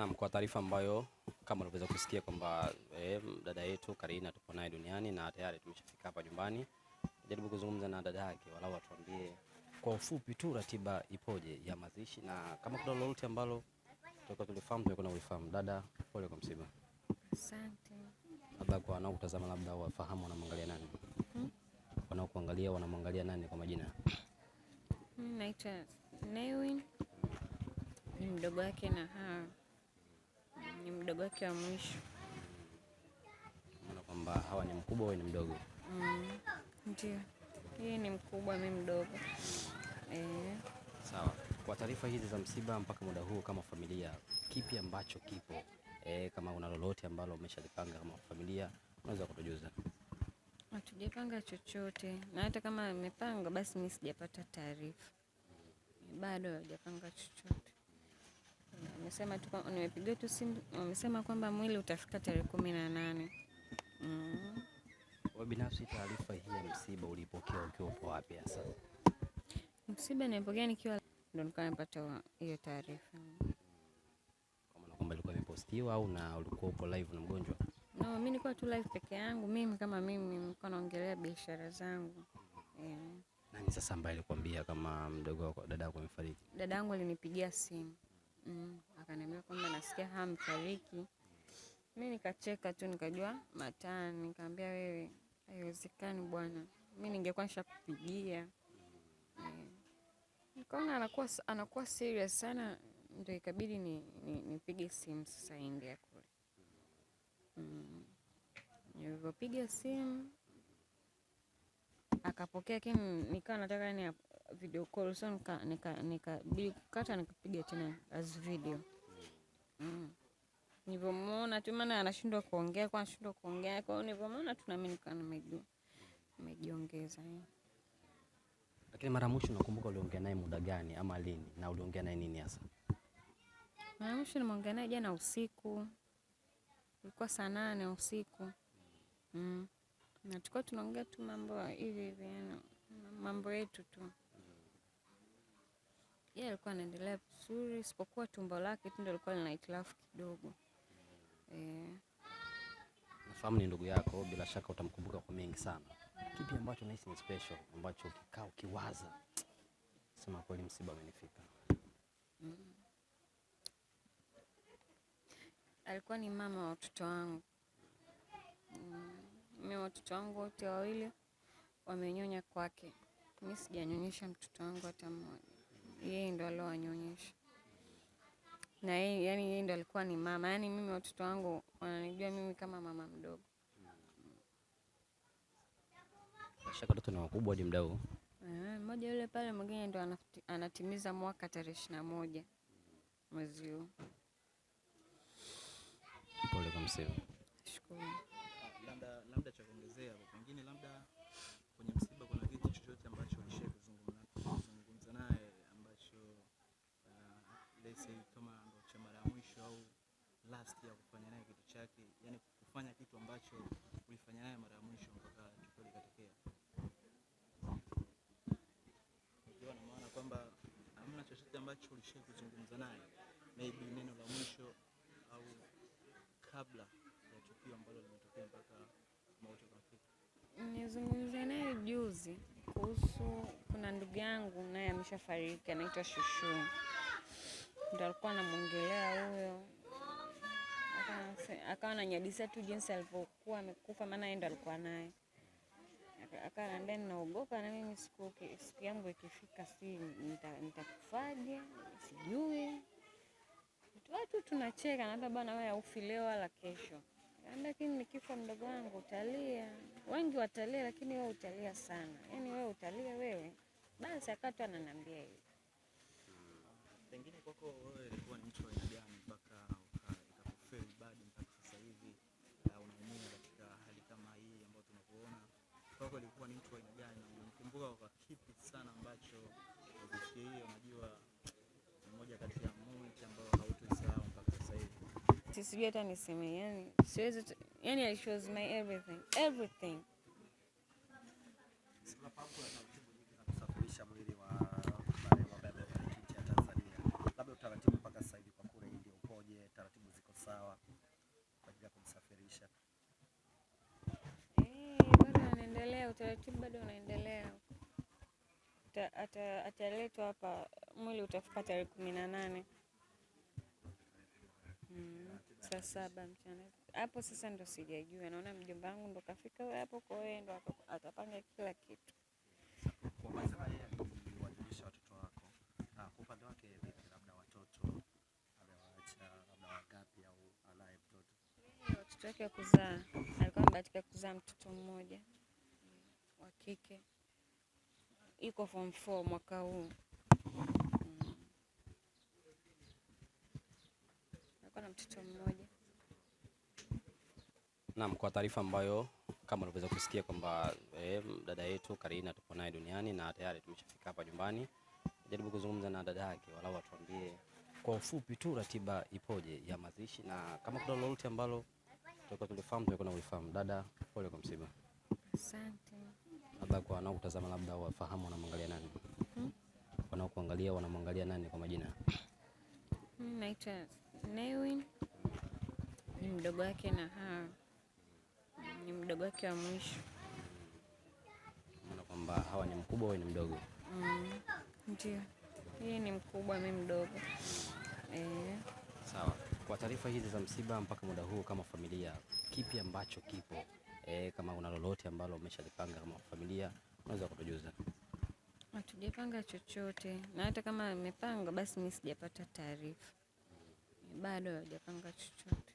Naam, kwa taarifa ambayo kama ulivyoweza kusikia kwamba eh, dada yetu Karina tupo naye duniani na tayari tumeshafika hapa nyumbani. Jaribu kuzungumza na dada yake walau atuambie kwa ufupi tu ratiba ipoje ya mazishi na kama kuna lolote ambalo tulikuwa tulifahamu tulikuwa tunalifahamu. Dada, pole kwa msiba. Asante. Labda kwa wanaokutazama labda wafahamu wanamwangalia nani? Hmm? Wanaokuangalia wanamwangalia nani kwa majina? Hmm, naitwa Newin. Ni mdogo wake na haa ni mdogo wake wa mwisho. Maana kwamba Hawa ni mkubwa, wewe ni mdogo. Mm. Ndio. Yeye ni mkubwa, mimi mdogo. Eh. Sawa. Kwa taarifa hizi za msiba mpaka muda huu, kama familia, kipi ambacho kipo e, kama una lolote ambalo umeshalipanga kama familia, unaweza kutujuza? Hatujapanga chochote, na hata kama amepanga, basi mimi sijapata taarifa, bado hajapanga chochote. Amesema tu nimepiga tu simu, wamesema kwamba mwili utafika tarehe kumi na nane. Mm. Wewe binafsi taarifa hii ya msiba ulipokea ukiwa upo wapi hasa? Msiba nimepokea nikiwa ndo nikawa nimepata hiyo taarifa. Kwa maana kwamba ilikuwa imepostiwa au na ulikuwa upo live na mgonjwa? No, mimi nilikuwa tu live peke yangu, mimi kama mimi nilikuwa naongelea biashara zangu. Yeah. Nani sasa ambaye alikwambia kama mdogo wako dada yako amefariki? Dada yangu alinipigia simu mm, akaniambia kwamba nasikia hamfariki. Mi nikacheka tu nikajua matani, nikamwambia wewe, haiwezekani bwana, mi ningekuwa nishakupigia. Eh, nikaona anakuwa anakuwa serious sana, ndio ikabidi nipige ni, simu sasa India kule. Mm, nilivyopiga simu akapokea, lakini nikawa nataka yani video call, so nikabidi nika, nika, kukata nikapiga tena as video mm. Nilivyomwona tu maana anashindwa kuongea kwa anashindwa kuongea, kwa hiyo nilivyomwona tu nami nika nimejiongeza. Lakini mara mwisho nakumbuka uliongea naye muda gani ama lini, na uliongea naye nini hasa? Mara mwisho nimeongea naye jana usiku, ilikuwa saa nane usiku mm. na tulikuwa tunaongea tu mambo hivi hivi, mambo yetu tu yeye alikuwa anaendelea vizuri, isipokuwa tumbo lake tu ndio alikuwa lina hitilafu kidogo. Eh, nafahamu ni ndugu yako, bila shaka utamkumbuka kwa mengi sana. Kipi ambacho unahisi ni special ambacho ukikaa ukiwaza, sema kweli msiba umenifika? mm. Alikuwa ni mama wa watoto wangu. Mm. Mimi watoto wangu wote wawili wamenyonya kwake, mimi sijanyonyesha mtoto wangu hata mmoja yeye ndo aliowanyonyesha na yeye, yani yeye ndo alikuwa ni mama. Yani mimi watoto wangu wananijua mimi kama mama mdogo. Shaka watoto ni wakubwa hadi mdau mmoja yule pale, mwingine ndo anatimiza mwaka tarehe ishirini na moja mwezi huu. Pole kwa msiba. Shukrani. Labda labda cha kuongezea pengine labda ya kufanya naye kitu chake, yani kufanya kitu ambacho ulifanya naye mara ya mwisho mpaka tukio likatokea. Ndio na maana kwamba hamna chochote ambacho ulishai kuzungumza naye, maybe neno la mwisho au kabla ya tukio ambalo limetokea mpaka mauti kafika. Nizungumze naye juzi kuhusu, kuna ndugu yangu naye ameshafariki, anaitwa Shushu, ndio alikuwa anamwongelea huyo akawa ananyadisia tu jinsi alivyokuwa amekufa, maana yeye ndo alikuwa naye. Akawa ananiambia ninaogopa, na mimi siku siku yangu ikifika, si nitakufaje? nita sijui watu tunacheka, naambia bwana, wewe haufi leo wala kesho. Lakini nikifa mdogo wangu utalia, wengi watalia, lakini wewe utalia sana, yaani wewe utalia wewe. Basi akatwa ananiambia hivi. Hmm, pengine kwako wewe ilikuwa ni mtu wiki hii, unajua moja kati ya moment ambao hautasahau mpaka sasa hivi. Sijui hata niseme, yani siwezi, yani I shows my everything everything bado unaendelea ataletwa hapa, mwili utafuka tarehe kumi na nane mm, saa saba mchana hapo. Sasa ndo sijajua, naona mjomba wangu ndo kafika hapo, kwa hiyo ndo atapanga kila kitu. Watoto wake wa kuzaa, alikuwa amebahatika kuzaa mtoto mmoja wa kike iko form 4 mwaka huu mm. na mtoto mmoja naam, kwa taarifa ambayo kama ulivyoweza kusikia kwamba eh, dada yetu Karina tupo naye duniani na tayari tumeshafika hapa nyumbani. Jaribu kuzungumza na dada yake walau atuambie kwa ufupi tu ratiba ipoje ya mazishi na kama kuna lolote ambalo tulikuwa tulifahamu tulikuwa na ufahamu. Dada, pole kwa msiba. Asante labda kwa wanaokutazama labda wafahamu wanamwangalia nani? Hmm? Wanaokuangalia wanamwangalia nani kwa majina? Hmm, naitwa Newin, ni mdogo wake na Hawa, ni mdogo wake wa mwisho. Maana kwamba Hawa ni mkubwa, au ni mdogo? Mm, ndio, yeye ni mkubwa, mimi mdogo. Eh. Sawa. Kwa taarifa hizi za msiba mpaka muda huu, kama familia, kipi ambacho kipo E, kama kuna lolote ambalo umeshalipanga kama familia unaweza kutujuza. Hatujapanga chochote na hata kama imepanga basi mimi sijapata taarifa bado, hajapanga chochote.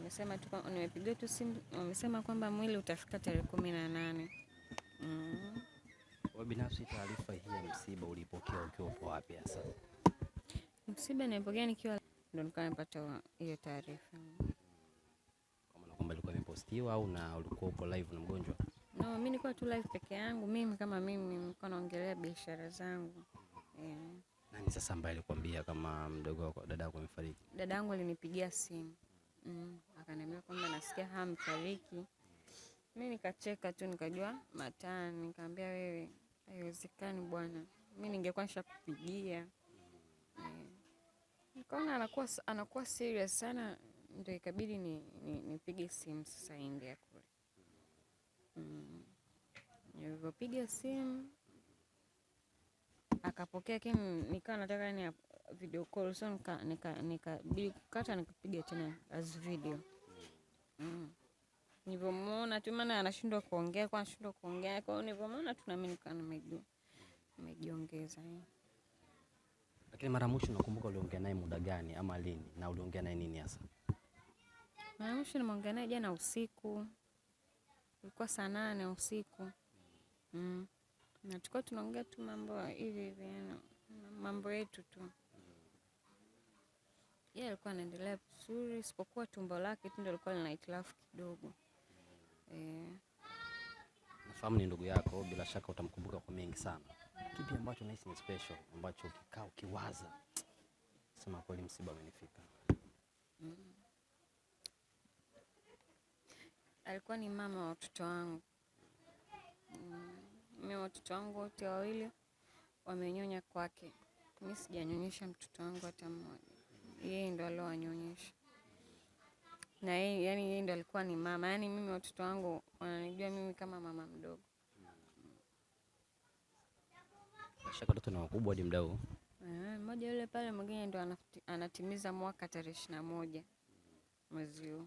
Amesema tu nimepiga tu simu, amesema kwamba mwili utafika tarehe kumi na nane. Mm. Wewe binafsi taarifa hii ya msiba ulipokea ukiwa upo wapi hasa? Msiba nimepokea nikiwa ndo nikawa nimepata hiyo taarifa umetibiwa au na ulikuwa uko live na mgonjwa? No, mimi nilikuwa tu live peke yangu. Mimi kama mimi nilikuwa naongelea biashara zangu. Yeah. Nani sasa ambaye alikwambia kama mdogo wako dada yako amefariki? Dada yangu alinipigia simu. Mm, akaniambia kwamba nasikia hamfariki. Mimi nikacheka tu nikajua matani, nikamwambia wewe haiwezekani bwana. Mimi ningekuwa nishakupigia. Yeah. Nikaona anakuwa anakuwa serious sana ndio ikabidi nipige ni, ni simu sasa India kule mm. Nilivyopiga simu akapokea, lakini nikawa nataka yani video call, so nikabidi nika, nika, kukata nikapiga tena as video mm. Nilivyomwona tu maana anashindwa kuongea kwa anashindwa kuongea, kwa hiyo nilivyomwona tu nami nikawa nimejiongeza. Lakini mara mwisho, nakumbuka uliongea naye muda gani ama lini, na uliongea naye nini hasa? Manusha nimeongea naye jana usiku, ilikuwa saa nane usiku mm. Na tulikuwa tunaongea tu mambo hivi hivi, yani mambo yetu tu yeye yeah, alikuwa anaendelea vizuri, isipokuwa tumbo lake tu ndio alikuwa lina hitilafu kidogo eh. Nafahamu ni ndugu yako, bila shaka utamkumbuka kwa mengi sana. Kipi ambacho nahisi ni special ambacho ukikaa ukiwaza, sema kweli msiba umenifika mm alikuwa ni mama wa watoto wangu. Mm, mimi watoto wangu wote wawili wamenyonya kwake, mimi sijanyonyesha mtoto wangu hata mmoja, yeye ndo aliowanyonyesha na yeye, yani yeye ndo alikuwa ni mama. Yani mimi watoto wangu wananijua mimi kama mama mdogo. Shaka watoto na wakubwa hadi mdau eh, mmoja yule pale, mwingine ndo anatimiza mwaka tarehe ishirini na moja mwezi huu.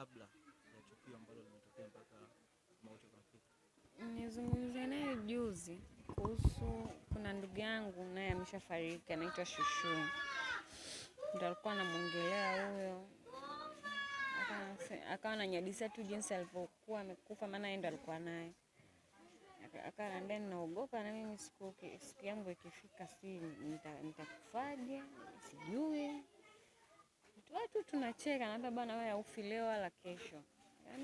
kabla ya tukio ambalo limetokea mpaka mauti yakamfika? Nizungumzia naye juzi kuhusu, kuna ndugu yangu naye ameshafariki anaitwa Shushu, ndo alikuwa anamwongelea huyo, akawa ananyadisia tu jinsi alivyokuwa amekufa, maana yeye ndo alikuwa naye akawa ananiambia ninaogopa, na mimi siku yangu ikifika, si nitakufaje, nita sijui watu tunacheka, naambia bwana wewe haufi leo wala kesho.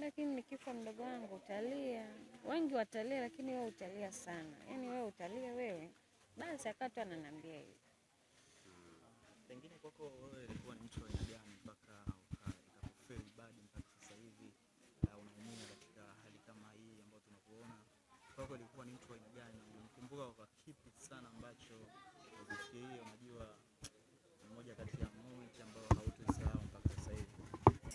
Lakini nikifa mdogo wangu utalia, wengi watalia, lakini wewe utalia sana, yaani wewe utalia wewe. Basi akatu ananiambia hivi. Hmm. Pengine kwako wewe ilikuwa ni mtu wa aina gani mpaka ikakufeli bado mpaka sasa hivi unaumia katika hali kama hii ambayo tunakuona? Kwako ilikuwa ni mtu wa aina gani? Unamkumbuka kwa kipi sana ambacho ukifikiria, unajua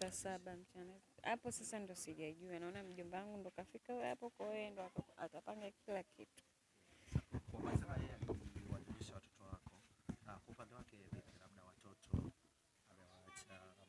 saa saba mchana hapo. Sasa ndo sijajua, naona mjomba wangu ndo kafika hapo, kwa hiyo ndo atapanga kila kitu.